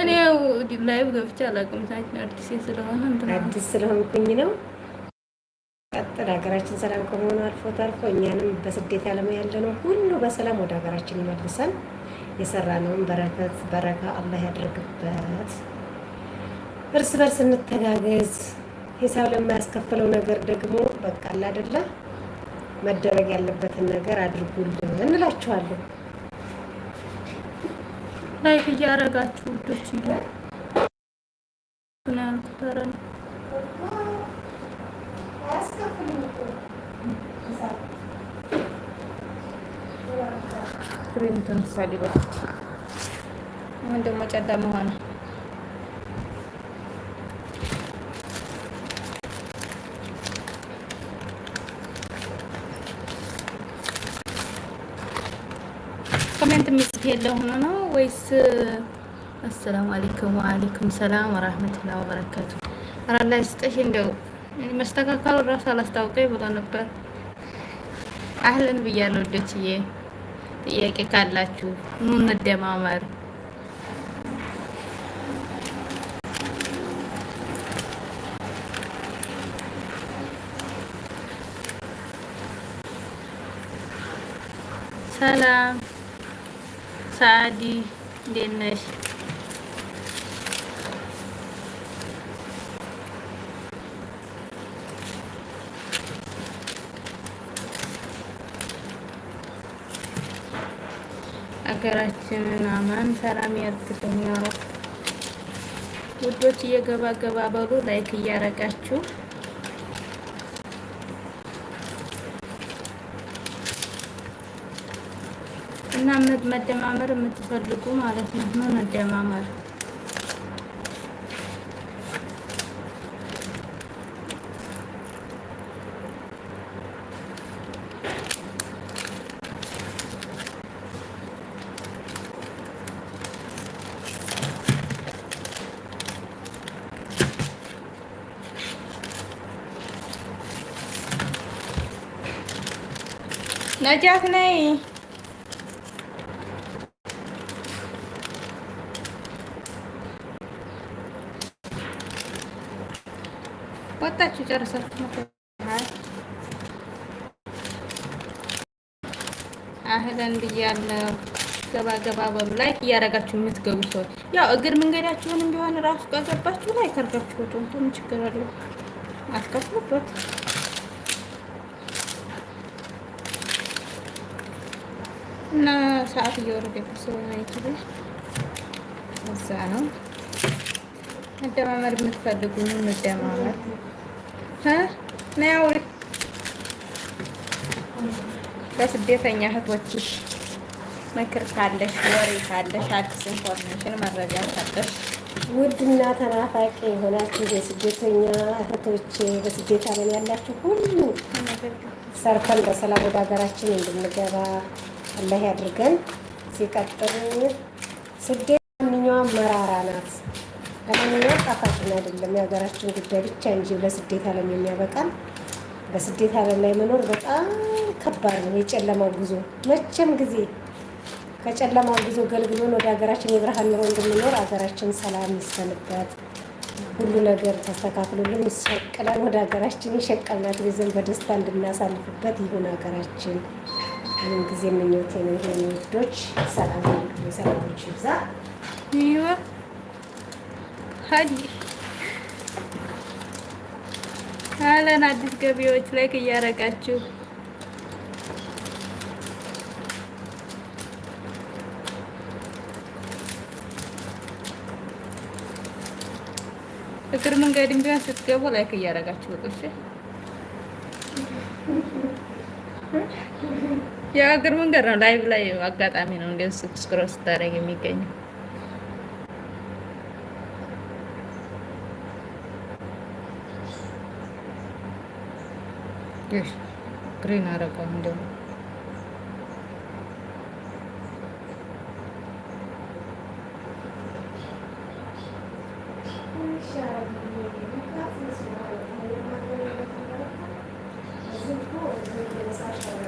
እኔ ያው ላይቭ ገብቼ አላውቅም። አዲስ ስለሆነ አዲስ ስለሆንኩኝ ነው። ቀጥል ሀገራችን ሰላም ከመሆኑ አልፎ ተርፎ እኛንም በስደት ያለማ ያለ ነው ሁሉ በሰላም ወደ ሀገራችን ይመልሰን። የሰራነውን በረከት በረካ አላህ ያደርግበት። እርስ በርስ እንተጋገዝ። ሂሳብ ለማያስከፍለው ነገር ደግሞ በቃ አይደለ መደረግ ያለበትን ነገር አድርጉልን እንላችኋለን። ላይክ እያደረጋችሁ ውዶች እያል ያልኩት ኧረ ነው ምንድን ነው ጨለማ ሆነ። ኮሜንት የሚጽፍ ሆኖ ነው ወይስ? አሰላሙ አለይኩም ወአለይኩም ሰላም ወራህመቱላሂ ወበረካቱ። አላህ ይስጥሽ። እንደው መስተካከሉ እራሱ አላስታውቀኝ ብሎ ነበር። አህለን ብያለሁ ወዶችዬ። ጥያቄ ካላችሁ ኑ እንደማመር ሰላም ሳዲ እንዴት ነሽ? ሀገራችንን አማን ሰላም ያድርግልን። ውዶች እየገባ ገባ በሉ ላይክ እያረጋችሁ እና መደማመር የምትፈልጉ ማለት ነው። ምን መደማመር ነጃት ነይ ወጣችሁ ጨርሳችሁ አህለን ብያለሁ። ገባ ገባ በሉ ላይክ እያደረጋችሁ የምትገቡ ሰዎች ያው እግር መንገዳችሁንም ቢሆን ራሱ ከገባችሁ ላይክ አድርጋችሁ ወጡ። ምን ችግር አለው? አትከፍሉበት። እና ሰዓት እየወረደብኝ ስለሆነ ይችላል እዛ ነው መደማመር የምትፈልጉ መደማመር ናያውሪ ለስደተኛ እህቶችሽ ምክር ካለሽ ወሬ ካለሽ አዲስ ኢንፎርሜሽን መረጃ ካለሽ ውድና ተናፋቂ የሆናችሁ የስደተኛ እህቶቼ በስደት ዓለም ያላችሁ ሁሉ ሰርፈን በሰላም ወደ ሀገራችን እንድንገባ አላህ ያድርገን። ሲቀጥል ስደት ማንኛውም መራራ ናት። ለማንኛውም ጣፋጭን አይደለም የሀገራችን ጉዳይ ብቻ እንጂ ለስደት ዓለም የሚያበቃል። በስደት ዓለም ላይ መኖር በጣም ከባድ ነው። የጨለማ ጉዞ መቼም ጊዜ ከጨለማ ጉዞ ገልግሎን ወደ ሀገራችን የብርሃን ኑሮ እንድንኖር ሀገራችን ሰላም ይሰንበት፣ ሁሉ ነገር ተስተካክሎልን ይሸቅላል። ወደ ሀገራችን የሸቀልናት ጊዜን በደስታ እንድናሳልፍበት ይሁን ሀገራችን። ይህን ጊዜ የምኞቴ ነው። ይሄ ውዶች ሰላም ሰላሞች ይብዛ። ሀኒ አለን አዲስ ገቢዎች ላይክ እያደረጋችሁ እግር መንገድ ቢሆን ስትገቡ ላይክ እያረጋችሁ ወጥሽ እግር መንገድ ነው። ላይቭ ላይ አጋጣሚ ነው እንደዚህ ስክሮል ስታደርግ የሚገኘው yes green ആരോ കണ്ടു Thank you.